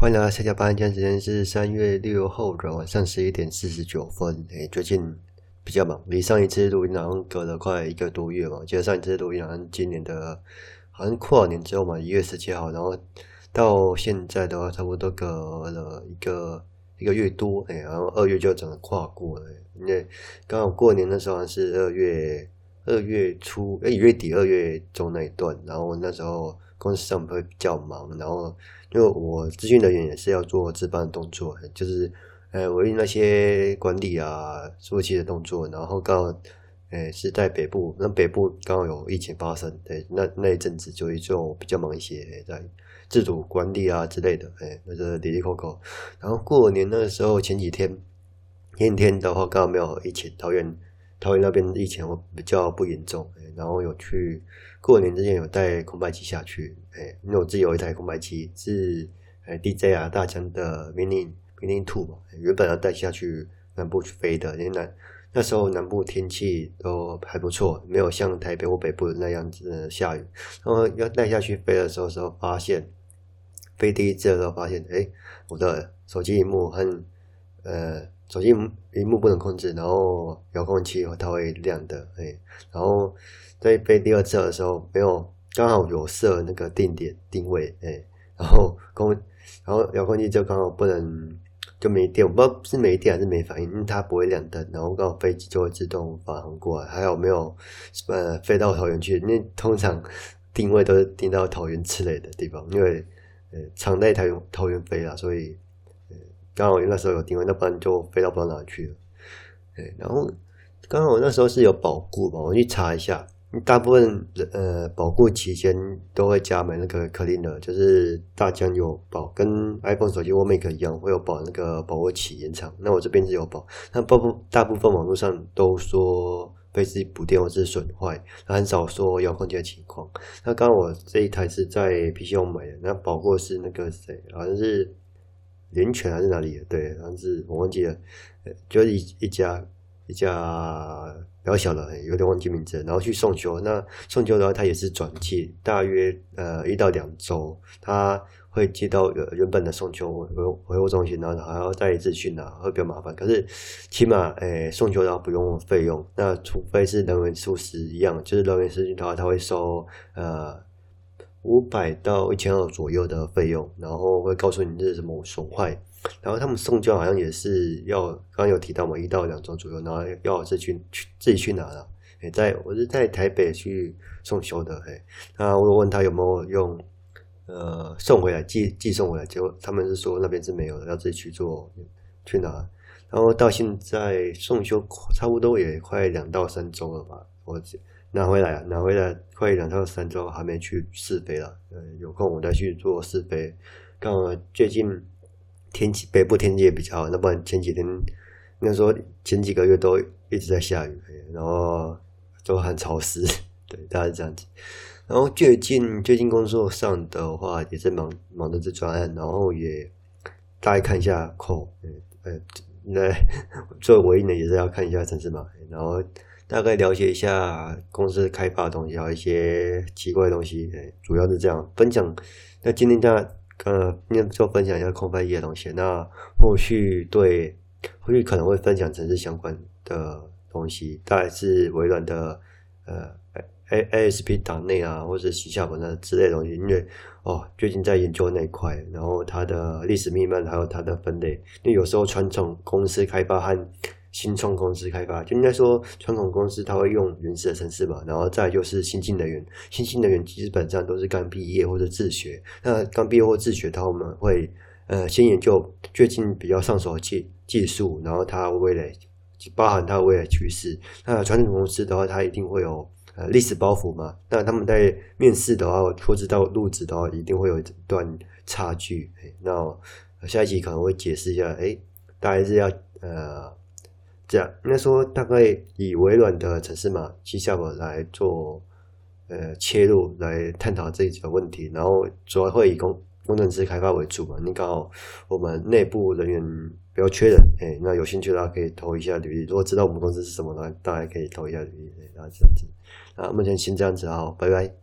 歡迎大家下下班，今天時間是三月六號的晚上十一點四十九分。誒、欸，最近比較忙，離上一次錄音好像隔了快一個多月吧。其實上一次錄音好像今年的，好像跨年之後嘛，一月十七號，然後到現在的話，差不多隔了一個一個月多。誒、欸，然後二月就整個跨過了，因為剛好過年的時候是二月二月初，哎、欸，月底二月中那一段，然後那時候。公司上會比較忙，然後因為我資訊人員也是要做值班的動作，就是誒、欸、我用那些管理啊、服務的動作。然後剛好誒、欸、是在北部，那北部剛好有疫情發生，對，那那一陣子就會做比較忙一些，在自主管理啊之類的，誒、欸，那、就是滴滴口口，然後過年那時候前幾天，前幾天的話剛好沒有疫情，桃園。桃園那邊疫情比較不嚴重、欸，然後有去過年之前有帶空拍機下去，誒、欸，因為我自己有一台空拍機，是誒、欸、DJ 啊大疆的 Mini Mini 2、欸、原本要帶下去南部去飛的，因為南那，那時候南部天氣都還不錯，沒有像台北或北部那樣子下雨，然後要帶下去飛的時候，時候發現飛第一次的時候發現，誒、欸，我的手機螢幕很。呃，手機螢幕不能控制，然後遙控器它會亮的，誒、欸，然後在飛第二次的時候，沒有剛好有設那個定點定位，誒、欸，然後空，然後遙控器就剛好不能就沒電，我不知道是沒電還是沒反應，因、嗯、為它不會亮燈，然後剛好飛機就會自動返航過來。還有沒有呃飛到桃園去？那通常定位都是定到桃園之類的地方，因為呃常在桃園桃園飛啊，所以。剛好那時候有定位，那不然就飛到不知道哪去了。對，然後剛好我那時候是有保固吧？我去查一下，大部分呃保固期間都會加買那個 Cleaner 的，就是大疆有保，跟 iPhone 手機 o n Make 一樣會有保那個保護期延長。那我這邊是有保，那保大部分網絡上都說被自己補電或是損壞，很少說遙控器的情況。那剛剛我這一台是在 P C O 買的，那保固是那個誰，好像是。聯泉還是哪裡？對，但是我忘記了，就是一,一家一家比較小的，有點忘記名字。然後去送修，那送修的話，它也是轉寄，大約呃一到兩周，它會寄到原本的送修回回復中心，然後，然後還要再一次去拿，會比較麻煩。可是起碼誒、呃，送修的話不用費用。那除非是人員疏失一樣，就是人員疏失的話，它會收呃。五百到一千二左右的費用，然後會告訴你這是什麼損壞，然後他們送修好像也是要，剛剛有提到嘛，一到兩周左右，然後要我自己去自己去拿了，也在我是在台北去送修的，嘿、欸，那我問他有沒有用，呃，送回來寄寄送回來，結果他們是說那邊是沒有的，要自己去做去拿，然後到現在送修差不多也快兩到三周了吧，我。拿回來、啊、拿回來快兩到三周還沒去試飛了。有空我再去做試飛。剛好最近天氣，北部天氣也比較好。那不然前幾天那時候，前幾個月都一直在下雨，然後都很潮濕，對，大概是這樣子。然後最近最近工作上的話，也是忙忙著做專案，然後也大概看一下空、哦，呃，那做唯一呢也是要看一下城市嘛。然後。大概了解一下公司開發的東西，還有一些奇怪的東西，主要是這樣分享。那今天大家呃，今天就分享一下空拍機的東西。那後續對，後續可能會分享城市相關的東西，大概是微軟的呃 A A S P 黨內啊，或是旗下文司之類的東西，因為哦，最近在研究那一塊，然後它的歷史密碼，還有它的分類。因為有時候傳統公司開發和新創公司開發就應該說，傳統公司它會用原始的程式嘛，然後再就是新進人員、新興人員基本上都是剛畢業或者自學。那剛畢業或自學，我們會呃先研究最近比較上手的技技術，然後它未來包含它未來趨勢。那傳統公司的話，它一定會有呃歷史包袱嘛。那他們在面試的話或知道入職的話，一定會有一段差距。那下一集可能會解釋一下，誒、欸、大概是要呃。這樣，應該說大概以微軟的城市嘛，績效堡來做呃切入，來探討這幾個問題，然後主要會以工工程師開發為主嘛。你剛好我們內部人員比較缺人，哎、欸，那有興趣的話可以投一下履歷。如果知道我們公司是什麼的話，大家可以投一下履歷。對，然後這樣子。啊，目前先這樣子啊，拜拜。